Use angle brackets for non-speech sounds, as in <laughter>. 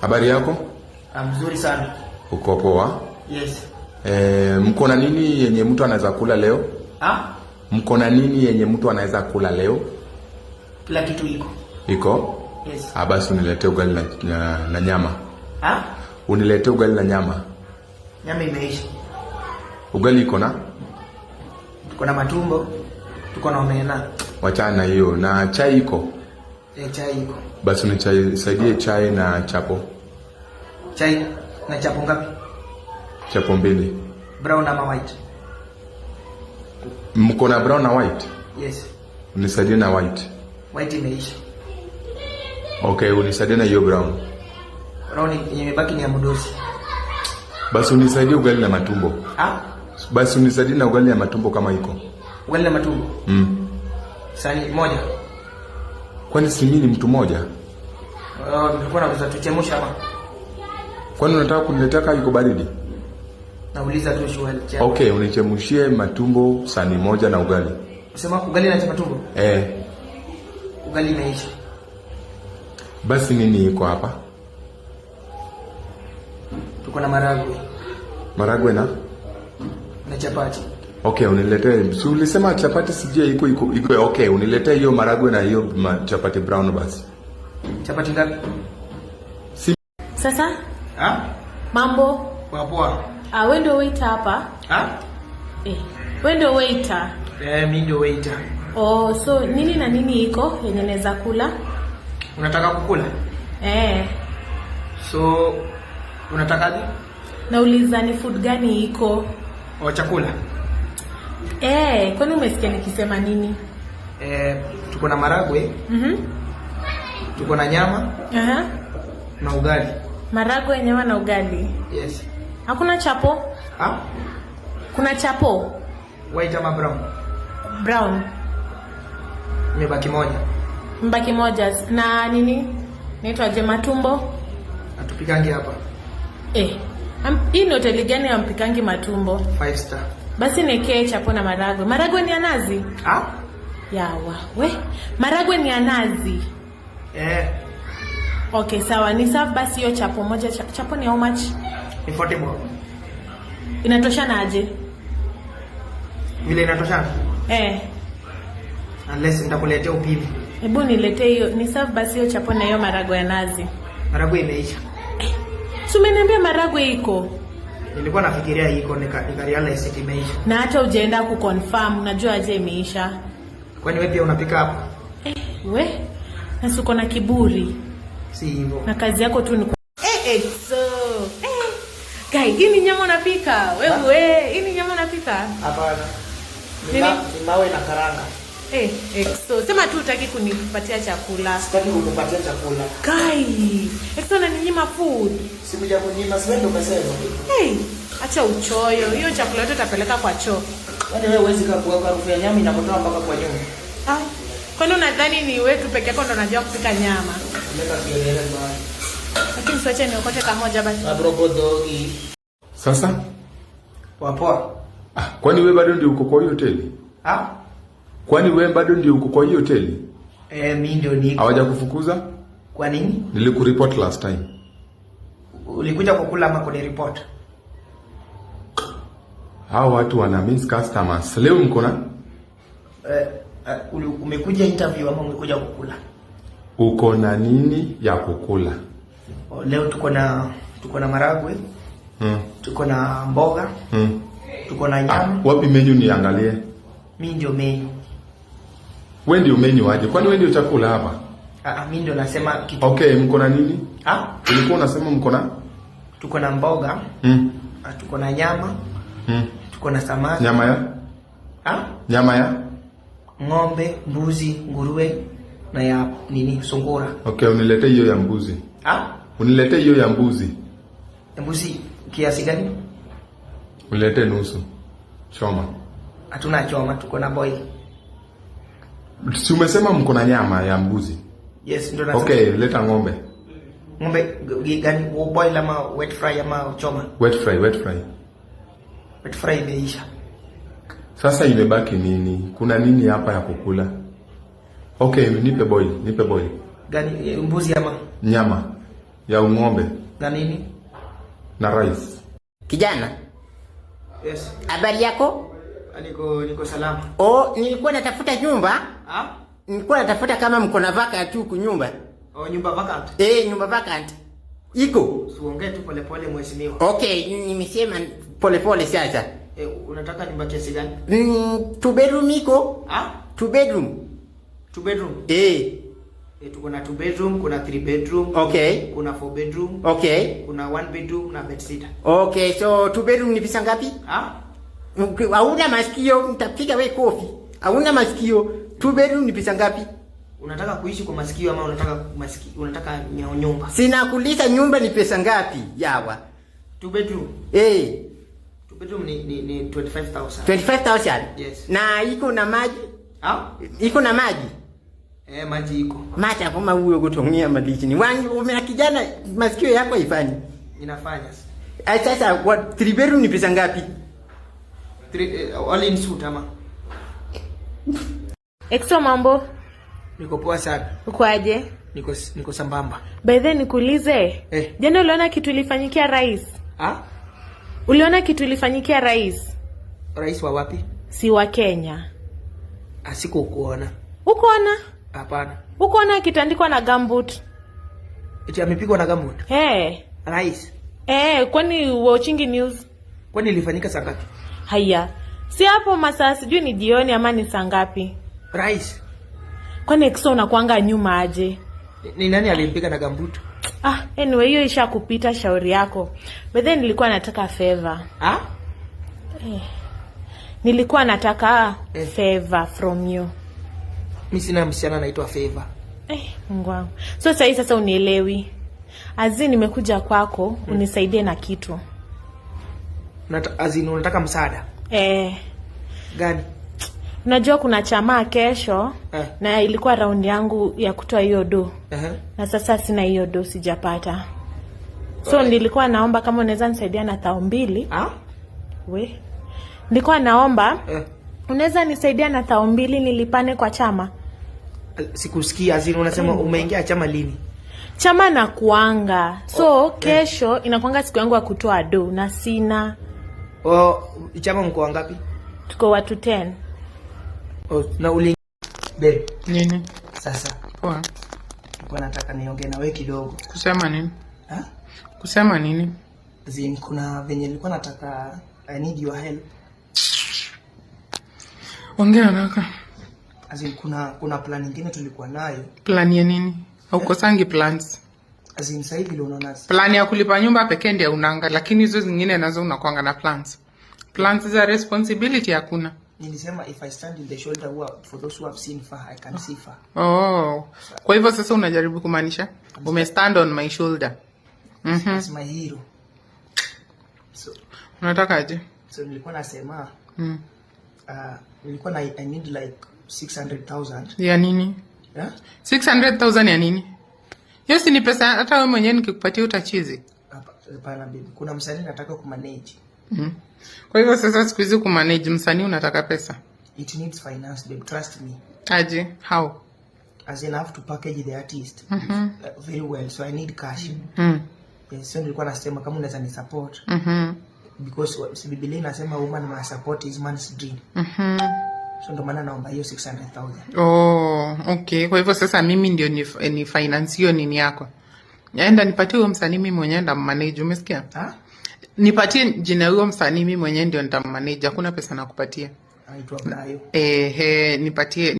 Habari yako? Ah, mzuri sana. Uko poa? Yes. E, mko na nini yenye mtu anaweza kula leo? Ah? Mko na nini yenye mtu anaweza kula leo? Kila kitu iko. Iko? Yes. Ah, basi unilete ugali na, na, na nyama. Ah? Unilete ugali na nyama. Nyama imeisha. Ugali iko na? Tuko na matumbo. Tuko na omena. Wachana hiyo. Na chai iko? Eh, chai iko. Basi unisaidie chai na chapo. Chai na chapo ngapi? Chapo mbili. Brown ama white? Mko na brown na white? Yes. Unisaidie na white. White imeisha. Okay, unisaidie na hiyo brown. Brown imebaki ni ya mdosi. Basi unisaidie ugali na matumbo. Ah? Basi unisaidie na ugali na matumbo kama iko. Ugali na matumbo? Mm. Sani moja. Kwani si ni mtu mmoja? Ah, nilikuwa nakuza tuchemsha hapa. Kwani unataka kuniletea kama iko baridi? Nauliza tu shughuli chako. Okay, unichemshie matumbo sani moja na ugali. Unasema ugali na matumbo? Eh. Ugali imeisha. Basi nini iko hapa? Tuko na maragwe. Maragwe na na chapati. Okay, uniletee. Si ulisema chapati sijui iko iko iko. Okay, uniletee hiyo maragwe na hiyo chapati brown basi. Chapati ngapi? Si. Sasa? Ha? Mambo? Poa poa. Ah, wewe ndio waiter hapa? Ha? Eh. Wewe ndio waiter. Eh, mimi ndio waiter. Oh, so nini na nini iko yenye naweza kula? Unataka kukula? Eh. So unataka nini? Nauliza ni food gani iko? Oh, chakula. Eh, kwani umesikia nikisema nini? Eh, tuko na maragwe. Mhm. Tuko na nyama. Aha. Na ugali. Maragwe, nyama na ugali. Yes. Hakuna chapo? Ah? Kuna chapo? White ama brown? Brown. Mbaki moja. Mbaki moja. Na nini? Naitwa je matumbo? Atupikangi hapa. Eh. Hii ni hoteli gani ya mpikangi matumbo? Five star. Basi ni kecha hapo na maragwe. Maragwe ni ya nazi? Ah? Yawa, we. Maragwe ni ya nazi. Eh. Okay, sawa. Ni sawa basi hiyo chapo moja. Chapo ni how much? Ni 40 bob. Inatosha na aje? Vile inatosha? Eh. Unless nitakuletea upili. Hebu niletee hiyo. Ni sawa basi hiyo chapo na hiyo maragwe ya nazi. Maragwe imeisha. Sumeniambia Maragwe iko. Nilikuwa nafikiria iko nikarealize nika imeisha. Na hata ujaenda kuconfirm, unajua aje imeisha. Kwani wewe pia unapika hapo? Eh, we. Na suko na kiburi. Si hivyo. Na kazi yako tu ni eh, eh, so. Eh. Kai, hii nyama unapika? Wewe, hii nyama unapika? Hapana. Nini? Ni mawe na karanga. Eh, eh, sema tu utaki kunipatia chakula. Sitaki kukupatia chakula. Kai, Exo eh, unaninyima food. Sikuja kunyima, siwendi ukasema. Hey, acha uchoyo. Hiyo chakula yote utapeleka kwa choo. Yaani wewe uwezi kaa kwa harufu ya nyama inapotoa mpaka kwa nyumba. Ah. Kwani unadhani ni wewe tu peke yako ndo unajua kupika nyama? Lakini usiache niokote kamoja basi. Abroko dogi. Sasa? Wapoa. Ah, kwani wewe bado ndio uko kwa hiyo hoteli? Ah. Kwani wewe bado ndio uko kwa hiyo hoteli? Eh, mimi ndio niko. Hawajakufukuza? Kwa nini? Nilikureport last time. Ulikuja kwa kula ama kuni report? Hao watu wana miss customers. Leo mko na? Eh, uh, umekuja interview ama umekuja kukula? Uko na nini ya kukula? O, oh, leo tuko na tuko na maragwe. Mm. Tuko na mboga. Mm. Tuko na ah, nyama. Ah, wapi menu niangalie? Mimi ndio menu. Wewe ndio umenywa aje? Kwani wewe ndio chakula hapa? Ah, ah, mimi ndio nasema kitu. Okay, mko na nini? Ah? Ulikuwa unasema mko na? Tuko na mboga. Mm. Ah, Tuko na nyama. Mm. Tuko na samaki. Nyama ya? Ah? Nyama ya? Ng'ombe, mbuzi, nguruwe na ya nini? Sungura. Okay, unilete hiyo ya mbuzi. Ah? Unilete hiyo ya mbuzi. Ya Mbuzi kiasi gani? Unilete nusu. Choma. Hatuna choma, tuko na boil. Si umesema mko na nyama ya mbuzi? Yes, ndio nasema. Okay, leta ng'ombe. Ng'ombe gani? Boil ama wet fry ama choma? Wet fry, wet fry. Wet fry imeisha. Sasa imebaki nini? Kuna nini hapa ya kukula? Okay, nipe boy nipe boy Gani, eh, mbuzi ama? Nyama ya ng'ombe. Na nini? Na rice. Kijana? Yes. Habari yako? Niko niko salama. Oh, nilikuwa natafuta nyumba. Ah? Nilikuwa natafuta kama mko na vacant huku nyumba. Oh, nyumba vacant. Eh, nyumba vacant. Iko. Usiongee tu pole pole mheshimiwa. Okay, nimesema pole pole sasa. Eh, unataka nyumba kiasi gani? Mm, two bedroom iko. Ah? Two bedroom. Two bedroom. Eh. Eh, tuko na two bedroom, kuna three bedroom. Okay. Kuna four bedroom. Okay. Kuna one bedroom na bed sitter. Okay, so two bedroom ni pesa ngapi? Ah? Hauna masikio, nitapiga wewe kofi. Hauna masikio. Two bedroom ni pesa ngapi? Unataka kuishi kwa masikio ama unataka masiki, unataka nyumba? Sina Sinakulisha nyumba ni pesa ngapi? Yawa. Two bedroom. Eh. Hey. Two bedroom ni ni, ni 25000. 25000? Yes. Na iko na maji? Ah? Iko na maji? Eh, maji iko. Maji hapo ma huyo kutongia maji ni wangi na kijana masikio yako ifanye. Inafanya. Sasa what three bedroom ni pesa ngapi? Three, uh, all in suit ama? <laughs> Extra, mambo? Niko poa sana. Uko aje? Niko niko sambamba. By the nikuulize. Eh. Jana uliona kitu ilifanyikia rais? Ah? Uliona kitu ilifanyikia rais? Rais wa wapi? Si wa Kenya. Asiko ah, kuona. Ukoona? Hapana. Ukoona kitandikwa na gambut. Eti amepigwa na gambut? Eh. Hey. Rais. Eh, hey, kwani watchingi news? Kwani ilifanyika saa ngapi? Haya. Si hapo masaa sijui ni jioni ama ni saa ngapi? Rais. Kwani Exo unakuanga nyuma aje? Ni nani alimpiga na gambutu? Ah, anyway hiyo isha kupita shauri yako. But then nilikuwa nataka favor. Ah? Eh. Nilikuwa nataka eh, favor from you. Mimi sina msichana anaitwa favor. Eh, Mungu wangu. So sasa sasa unielewi. Azi nimekuja kwako hmm, unisaidie na kitu. Nata, azi unataka msaada? Eh. Gani? Unajua kuna chama kesho eh, na ilikuwa raundi yangu ya kutoa hiyo do uh -huh. Na sasa sina hiyo do, sijapata so right. Nilikuwa naomba kama unaweza nisaidia na thao mbili ah? We nilikuwa naomba eh, unaweza nisaidia na thao mbili nilipane kwa chama. Eh, Sikusikia azini, unasema mm. umeingia chama lini? Chama na kuanga so oh, eh. kesho eh, inakuanga siku yangu ya kutoa do na sina oh. Chama mko wangapi? Tuko watu Oh, na uli be Nini? Sasa. Poa. Nilikuwa nataka niongee na wewe kidogo. Kusema nini? Ha? Kusema nini? Zim, kuna venye nilikuwa nataka I need your help. Ongea haraka. Azim, kuna kuna plan nyingine tulikuwa nayo. Plan ya nini? Haukosangi plans. Azim, sasa hivi unaona. Plan ya kulipa nyumba pekee ndio unaanga, lakini hizo zingine nazo unakuanga na plans. Plans za responsibility hakuna nilisema if I stand in the shoulder huwa for those who have seen far I can see far. Oh. so, oh, oh. Kwa hivyo sasa unajaribu kumaanisha ume stand on my shoulder. Mhm. Mm As my hero. So unataka aje? So nilikuwa nasema mm. Uh, nilikuwa na I need like 600,000. Ya nini? Yeah? 600,000 ya nini? Hiyo si ni pesa hata wewe mwenyewe nikikupatia utachizi. Hapana bibi Kuna msanii nataka kumanage. Hmm? Kwa hivyo sasa siku hizi kumanage msanii unataka pesa. It needs finance, babe, trust me. Aje, how? As in I have to package the artist mm -hmm. very well, so I need cash. Mm. Yes, so nilikuwa nasema kama unaweza ni support. Mm -hmm. Because uh, Biblia inasema woman must support his man's dream. Mm -hmm. So ndo maana naomba hiyo 600,000. Oh, okay. Kwa hivyo sasa mimi ndio ni, ni finance hiyo nini yako. Naenda nipatie huyo msanii mimi mwenyewe ndo manage, umesikia? Ah? nipatie jina huyo msanii, mi mwenyewe ndio nitammanage. Hakuna pesa nakupatia. Anaitwa nipatie